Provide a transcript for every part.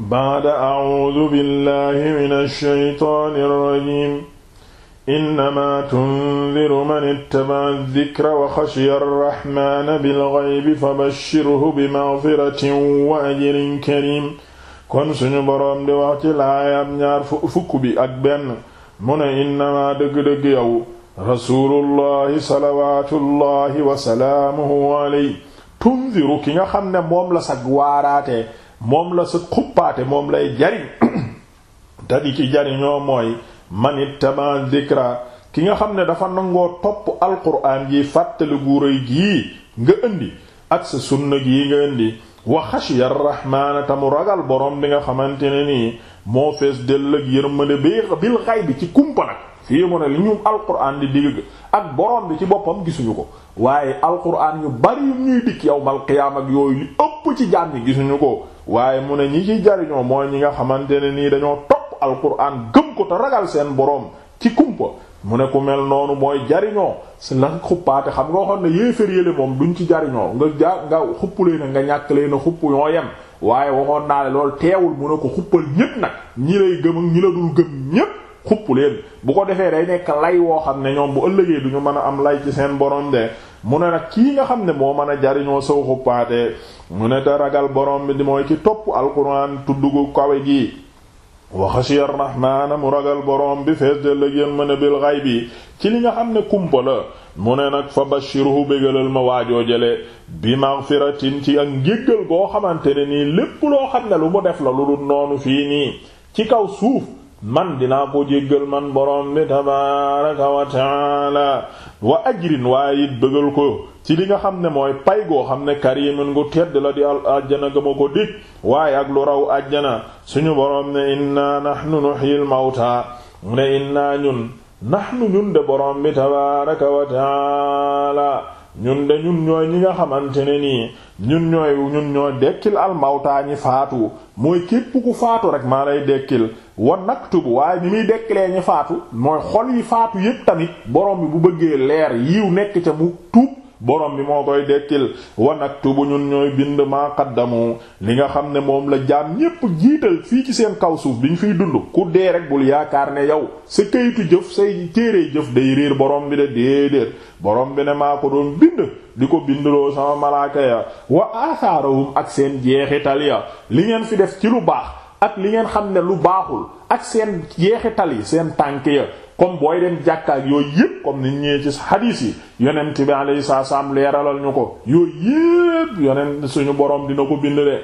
baada acuudu billahi min alshaytaani alrajim innama tundiru man ittabaca aldikra wa xashiya arraxmaana bilgaybi fabashirhu bimagfiratin wa ajrin karim kon suñu boroom di wax ci laayab ñaar fukk bi ak benn mu ne innama dëgg-dëgg yow rasuulullahi salawaatullahi wa salaamuhu alayhi tundiru ki nga xam ne moom la sag waaraatee moom la sa xuppaate moom lay jariñ te ci jariñoo mooy manit taban dikra ki nga xam ne dafa nangoo topp alquran yi fàttali guuréy gii nga indi ak sa sunna gii nga indi wa xashiya rahmaana ta mu ragal borom bi nga xamante ne nii moo fees dell ak yërmande bi bil xay bi ci kumpa nag fii mu ne li ñu alquran di digg ak borom bi ci boppam gisuñu ko waaye alquran yu bari yu ñuy dikk yawmal qiyaam ak yooyu li ëpp ci jaam yi gisuñu ko waaye mu ne ñi ci jariñoo mooy ñi nga xamante ne nii dañoo topp alquran gëm ko te ragal seen boroom ci kumpa mu ne ku mel noonu mooy jariñoo si la xuppaate xam nga waxoon ne yéefér yéle moom ñu ci jariñoo nga ja nga xupp leen nga ñàkk leen a xupp ñoo yem waaye waxoon naa ne loolu teewul mu ne ko xuppal ñépp nag ñi lay gëm ak ñi la dul gëm ñépp xupp leen bu ko defee day nekk lay woo xam ne ñoom bu ëllëgee duñu mën a am lay ci seen borom de mu ne nag kii nga xam ne moo mën a jariñoo saw xuppaate mu ne te ragal borom bi di mooy ki topp alquran tuddugu kawe gi waxasiya rahmaana mu ragal borom bi fees de lëgéen mën a bil xay bi ci li nga xam ne kumpa la mu ne nag fa bashiruhu bégalal ma waajoo jële bi maghfiratin ci ak njéggal boo xamante ne nii lépp loo xam ne lu mu def la lu dul noonu fii nii ci kaw suuf man dinaa ko jéggal man borom bi tabaaraka wa taala wa ajrin waaye it bëggal ko ci li nga xam ne mooy pay goo xam ne karimin gu tedd la di al ajjana gëma ko dig waaye ak lu raw ajjana suñu borom ne inna nahnu nuhyil mawta ne inna ñun nahnu de borom bi tabaaraka wa taala ñun de ñun ñooy ñi nga xamante ne nii ñun ñooy ñun ñooy dekkil al mawta ñi faatu mooy képp ku faatu rek maa lay dekkil wan naktubu waaye ni muy dekkilee ñi faatu mooy xol yi faatu yépp tamit borom bi bu bëggee leer yiw nekk ca mu tuub borom bi moo koy dekkil wa naktubu ñun ñooy bind maa qaddamu li nga xam ne moom la jaam ñépp jiital fii ci seen kaw suuf bi ñu fiy dund ku dee rek bul yaakaar ne yow sa kayitu jëf say téere jëf day riir borom bi de déedéet borom bi ne maa ko doon bind di ko bindloo sama malaaka ya wa asaarahum ak seen jeexital ya li ngeen fi def ci lu baax ak li ngeen xam ne lu baaxul ak seen yeexital tali seen tànk ya comme booy dem jàkka ak yooyu yépp comme ni ñëwee ci xadiis yi yonent bi sa salaam leeralal ñu ko yooyu yépp yonent suñu borom dina ko bind de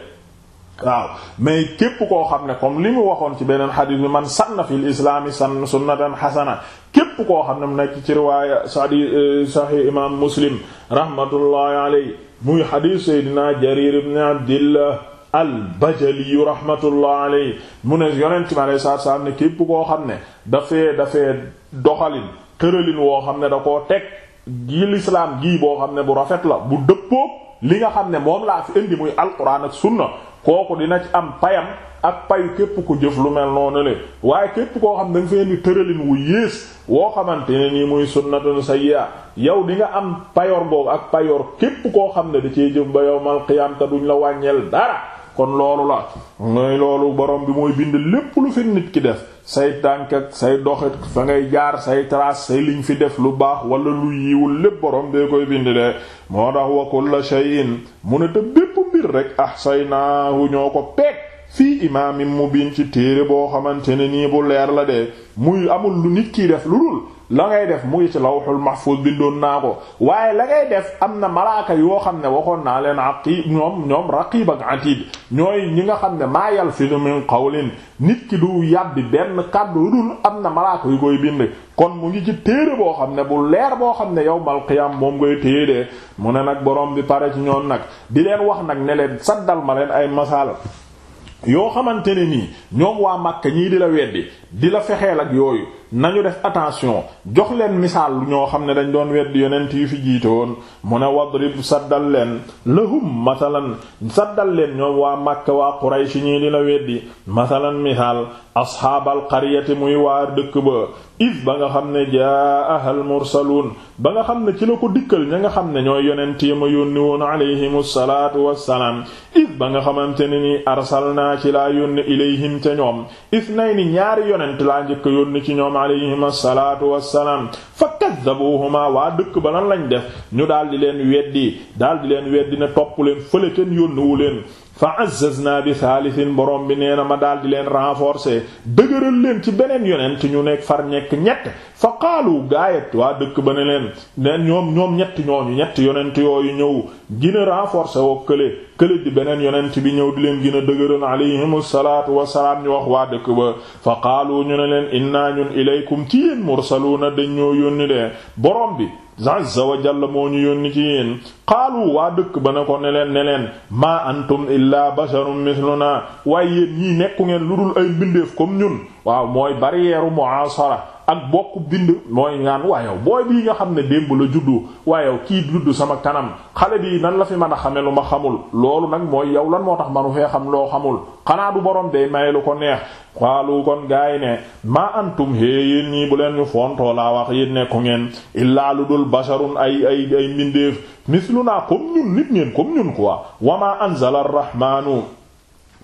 waaw mais képp koo xam ne comme li mu waxoon ci beneen xadiis bi man sanna fil islaami sann sunnatan xasana képp koo xam ne mu nekk ci riwaaya sadi euh, sahih imam muslim rahmatullahi muy xadiis seydina jarir ibn abdillah al-Bajali rahmatullah alayhi mu ne yonent mi alayhi salaatu salaam ne képp koo xam ne dafee dafee doxalin tëralin woo xam ne da koo teg gi lislaam gii boo xam ne bu rafet la bu dëppoo li nga xam ne moom laa fi indi muy alquran ak sunna kooku dina am payam ak payu képp ku jëf lu mel noonu le waaye képp koo xam ne da nga fee ni tëralin wu yées woo xamante ne nii muy sunnatun sayyi'a yow di nga am payoor boobu ak payoor képp koo xam ne da cee jëf ba yawmal qiyaam duñ la wàññeel kon loolu la mooy loolu borom bi mooy bind lépp lu fi nit ki def say tànk say doxit fa ngay jaar say trace say liñ fi def lu baax wala lu yiwul lépp borom dee koy bind de moo tax wa kulla shay'in mu ne te bépp mbir rek ahsaynaahu ñoo ko peeg fii imaamin mubiin ci téere boo xamante ne nii bu leer la de muy amul lu nit ki def lu dul la ngay def mu ngi ci lawhul mahfuz bindoon naa ko waaye la def am na malaaka yoo xam ne waxoon naa leen aqib ñoom ñoom raqib ak atid ñooy ñi nga xam ne mayal yalfidu min nit ki du yàbbi benn kàddu dul am na malaaka yu koy bind kon mu ngi ci téere boo xam ne bu leer boo xam ne yawmal qiyam moom ngay téye de mu ne nag boroom bi pare ci ñoon nag di leen wax nag ne leen saddal ma leen ay masal yoo xamante ni nii ñoom waa Makka ñii di la weddi di la fexeel ak yooyu nañu def attention jox leen misaal ñoo xam ne dañ doon weddi yonent yi fi jiite woon mu ne wadrib saddal leen lahum masalan saddal leen ñoom waa Makka waa Quraysh ñii di la weddi masalan misaal asxaabal qaryati muy waa dëkk ba if ba nga xam ne jaa ahal mursaluun ba nga xam ne ci la ko dikkal ña nga xam ne ñooy yonent yi ma yónni woon alayhim salaatu wassalaam if ba nga xamante ne nii arsalnaa ci laa yónni ilayhim ca ñoom if nay ni ñaari yonent ci ñoom doom alayhima salaatu wassalaam fa kaddabuhuma waa dëkk ba nan lañ def ñu daal di leen weddi daal di leen weddi ne topp leen fële kenn yónnuwu leen fa azzazna bi thalithin borom bi nee na ma daal di leen renforcer dëgëral leen ci beneen yonent ñu nekk far nekk ñett fa qaalu gaayet waa dëkk ba ne leen neen ñoom ñoom ñett ñooñu ñett yonent yooyu ñëw gën a woo kële kële di beneen yonent bi ñëw di leen gën a dëgëral alayhimu salaatu wasalaam ñu wax waa dëkk ba fa qaalu ñu ne leen inna ñun ilaykum ci yéen mursaluuna dañ ñoo yónni de borom bi azza wa jalla moo ñu yónni ci yéen xaalu waa dëkk ba na ko ne leen ne leen maa antum illaa basharun misluna waaye yéen ñii nekku ngeen lu dul ay mbindeef comme ñun waaw mooy barrière mu'asara ak bokk bind mooy ngaan waayow booy bii nga xam ne démb la juddu waayow kii juddu sama kanam xale bii nan la fi mën a xame lu ma xamul loolu nag mooy yow lan moo tax manu fee xam loo xamul xanaa du borom day may lu ko neex xaalu kon gaay ne maa antum hee yéen ñii bu leen ñu fontoo laa wax yéen nekku ngeen illaa lu dul basharun ay ay ay mbindeef misluna mu ñun nit ngeen comme ñun quoi wa ma anzala ar-rahmanu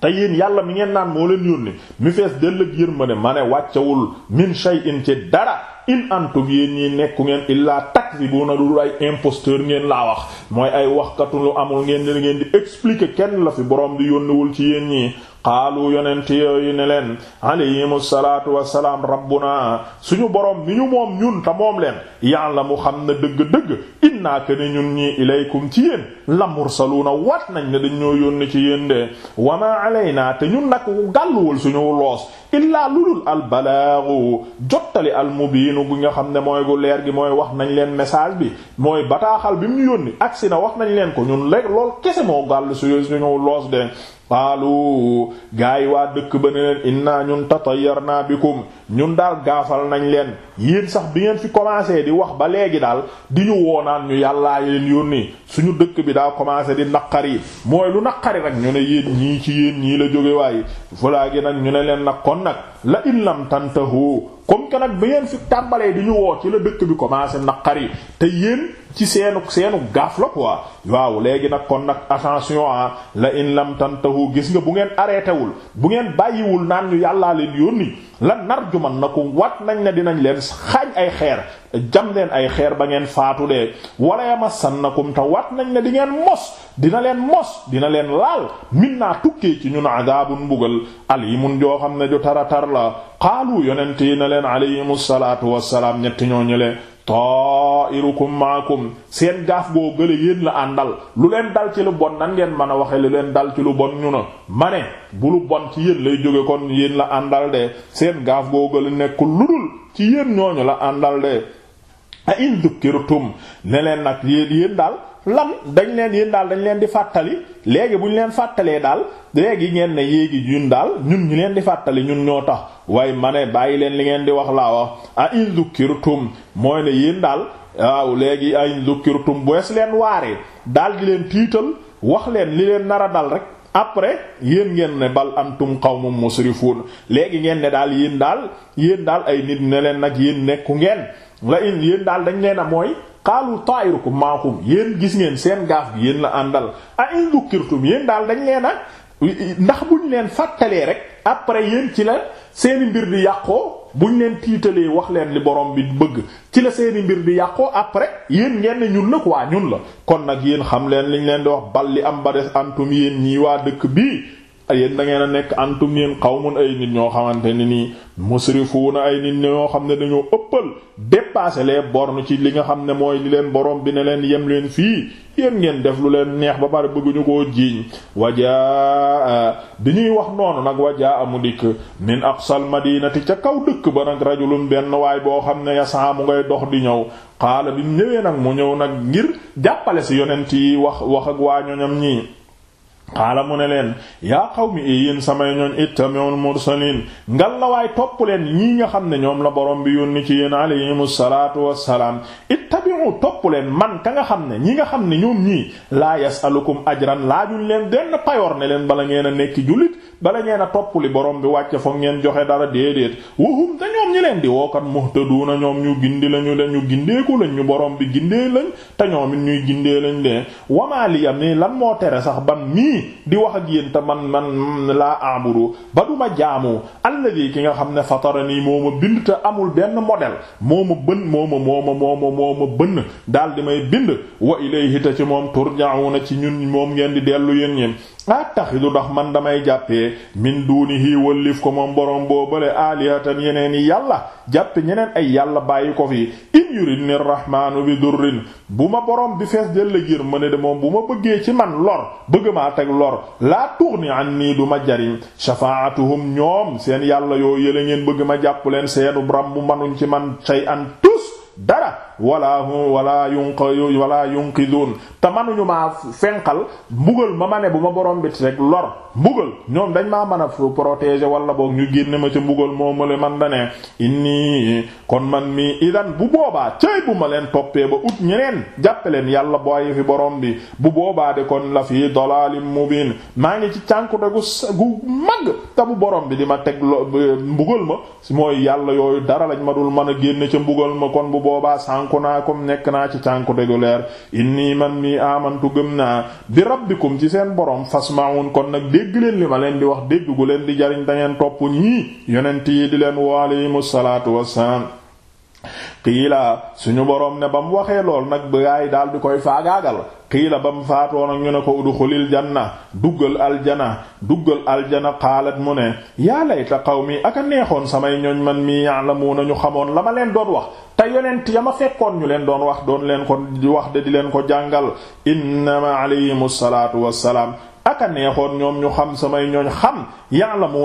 te yéen yàlla mi ngeen naan moo leen yónni mi fees dell ak yërmande ma ne wàccawul min shay'in ci dara in antum yéen ñi nekku ngeen illaa taksibuna dul ay imposteur ngeen laa wax mooy ay waxkatu lu amul ngeen ngeen di expliquer kenn la fi borom di yónniwul ci yéen ñi xaalu yonent yooyu ne leen alayhimu salaatu wassalaam rabbuna suñu borom ni ñu moom ñun te moom leen yàlla mu xam na dëgg-dëgg innaa kana ñun ñi ilaykum ci yéen la mursaluuna wat nañ ne dañ ñoo yónni ci yéen de wa maa naa te ñun nag wul suñu loos illaa lulul al balaagu jottali al mubiinu gi nga xam ne mooy gu leer gi mooy wax nañ leen message bi mooy bataaxal bi mu yónni agsi na wax nañ leen ko ñun léegi lool kese moo gàll suñu loos d qaalu gaa yi waa dëkk ba ne leen inna ñun tatayyarna bikum ñun daal gaafal nañ leen yéen sax bi ngeen fi commencé di wax ba léegi daal di ñu woonaan ñu yàllaa leen yónni suñu dëkk bi daa commencé di naqari mooy lu naqari rek ñu ne yéen ñii ci yéen ñii la jóge waaye voilà gi nag ñu ne leen nag kon nag la in lam tantahu comme que nag ba ngeen fi tàmbalee di ñu woo ci la dëkk bi commencé naqari te yéen ci seenu seenu gaaf la quoi waaw léegi nag kon nag attention ah la in lam tantahu gis nga bu ngeen arrêté wul bu ngeen bàyyiwul naan ñu yàllaa leen yónni lan narjumannakum wat nañ ne dinañ leen xaañ ay xeer jam leen ay xeer ba ngeen faatu dee wala yamassannakum te wat nañ ne di ngeen mos dina leen mos dina leen laal minna tukkee ci ñun adaabun mbugal alimun joo xam ne ju taratar la qaalu yonente yi na leen alayhimu salaatu wassalaam ñetti ñoo ñële ta'irukum maakum seen gaaf goo gële yéen la àndal lu leen dal ci lu bon nan ngeen mën a waxe lu leen dal ci lu bon ñu na ma ne bu lu bon ci yéen lay jóge kon yéen la àndal de seen gaaf goo gële nekkul lu dul ci yéen ñooñu la àndal de a in dukkirtum ne leen nag yéen yéen daal lan dañ leen yéen daal dañ leen di fàttali léegi bu ñu leen fàttalee daal léegi ngeen ne yéegi ñun daal ñun ñu leen di fàttali ñun ñoo tax waaye ma ne bàyyi leen li ngeen di wax laa wax a in zukkirtum mooy ne yéen daal waaw léegi a in zukkirtum bu wees leen waaree daal di leen tiital wax leen li leen nar a dal rek après yéen ngeen ne bal antum qawmun musrifun léegi ngeen daal yéen daal yéen daal ay nit ne leen nag yéen nekku ngeen la in yéen daal dañ leen a mooy xaalu ko maakum yéen gis ngeen seen gaaf gi yéen la àndal a in dukkirtum yéen daal dañ leen a ndax buñ leen fàttalee rek après yéen ci la seeni mbir di yàqoo buñ leen tiitalee wax leen li borom bi bëgg ci la seeni mbir di yàqoo après yéen ngeen ne ñun la waa ñun la kon nag yéen xam leen liñ leen di wax bal li am ba des antum yéen ñii waa dëkk bii yéen da ngeen a nekk antum yéen qawmun ay nit ñoo xamante ne nii musrifuuna ay nit ñoo xam ne dañoo ëppal dépasser les bornes ci li nga xam ne mooy li leen borom bi ne leen yem leen fii yéen ngeen def lu leen neex ba pare bëgguñu koo jiiñ wajaa bi ñuy wax noonu nag wajaa amu dikk min aqsal madinati ca kaw dëkk ba nag rajulun benn waay boo xam ne yasaa mu ngay dox di ñëw xaala bi mu ñëwee nag mu ñëw nag ngir jàppale si yonent yi wax wax ak waa ñoñam ñii qaala mu ne leen yaa qawmi e yéen samay ñooñ ittami'ul mursaliin ngal la waaye topp leen ñii nga xam ne ñoom la borom bi yónni ci yéen alayhimu salaatu wassalaam ittabi'u topp leen man ka nga xam ne ñi nga xam ne ñoom ñii laa yasalukum ajran laajuñ leen denn payoor ne leen bala ngeen a nekk jullit bala ngeen a topp li borom bi wàcce foog ngeen joxe dara déedéet wuhum te ñoom ñi leen di wookat muhtaduuna ñoom ñu gindi lañu de ñu gindeeku lañ ñu borom bi gindee lañ te ñoom it ñuy lañ de wamaa liya lan moo tere sax ban mi nii di wax ak yéen te man man laa aabudu ba du jaamoo jaamu alladhi ki nga xam ne fatarani moo ma bind te amul benn model moo ma bën moo ma moo ma moo ma bënn daal di may bind wa ilayhi ta ci moom jàngu na ci ñun moom ngeen di dellu yéen ñeen attaxidu ah, ndax man damay jàppee min dunihi liif ko moom borom boobale alihatan yeneen yi yàlla jàpp ñeneen ay yàlla bàyyi ko fi in yuridni rahmaanu bi durrin bu ma boroom bi fees della gir ma ne de moom bu ma bëggee ci man lor bëgg maa teg lor laa tughni anni du ma jariñ shafaatuhum ñoom seen yàlla yoo yële ngeen bëgg ma jàpp leen seenu bram bu manuñ ci man shay'an tus dara wala hum wala yunqa wala yunqidun te manuñu ma fenqal mbugal ma ma ne bu ma borom bi rek lor mbugal ñoom dañ maa mën a protégé wala book ñu génne ma ca mbugal moo male man da ne inni kon man mi idan bu boobaa cëy bu ma leen toppee ba ut ñeneen jàppaleen yàlla booyi fi borom bi bu boobaa de kon la fii dalalim mubin maa ngi ci cànkute gu gu mag te bu borom bi di ma teg mbugal ma mooy yàlla yooyu dara lañ ma dul mën a génne ca mbugal ma kon sànku naa comme nekk naa ci cànku degu leer inni man mii amantu gëm naa bi rabbikum ci seen borom fasma'un kon nag dégg leen li ma leen di wax dégg gu leen di jariñ dangeen ngeen topp ñii yonent yi di leen wa alayhimu salaatu wassalaam qiila suñu borom ne ba mu waxee lool nag bagaay daal di koy faagaagal qiila ba mu faatoon ak ñu ne ko udxulil janna duggal aljana duggal aljana qaalat mu ne yaa layta qawmi ak a neexoon samay ñoñ man mii yàlla mu na ñu xamoon la ma leen doon wax te yonent ya ma fekkoon ñu leen doon wax doon leen ko di wax de di leen ko jàngal innama alayhimu salaatu wassalaam aka neexoon ñoom ñu xam samay ñooñ xam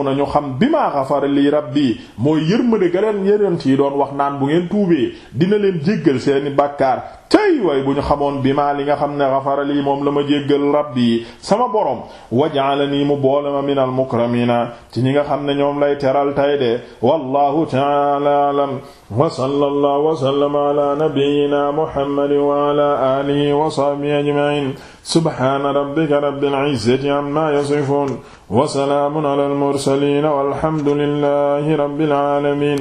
na ñu xam bi bima ghafara rab rabbi mooy yërmande ga leen yërënt yi doon wax naan bu ngeen tuubee dina leen jéggal seeni bàkkaar tey way bu ñu xamoon bi maa li nga xam ne xafara lii moom la ma jéggal rabbi sama borom waj'alani mu boole ma minal mukramina ci ñi nga xam ne ñoom lay teral tay de wallahu ta'ala a'lam wa sallallahu wa sallama ala nabiyyina muhammadin wa ala alihi wa sahbihi ajma'in subhana rabbika rabbil izzati amma yasifun wa salamun ala al mursalin walhamdulillahi rabbil alamin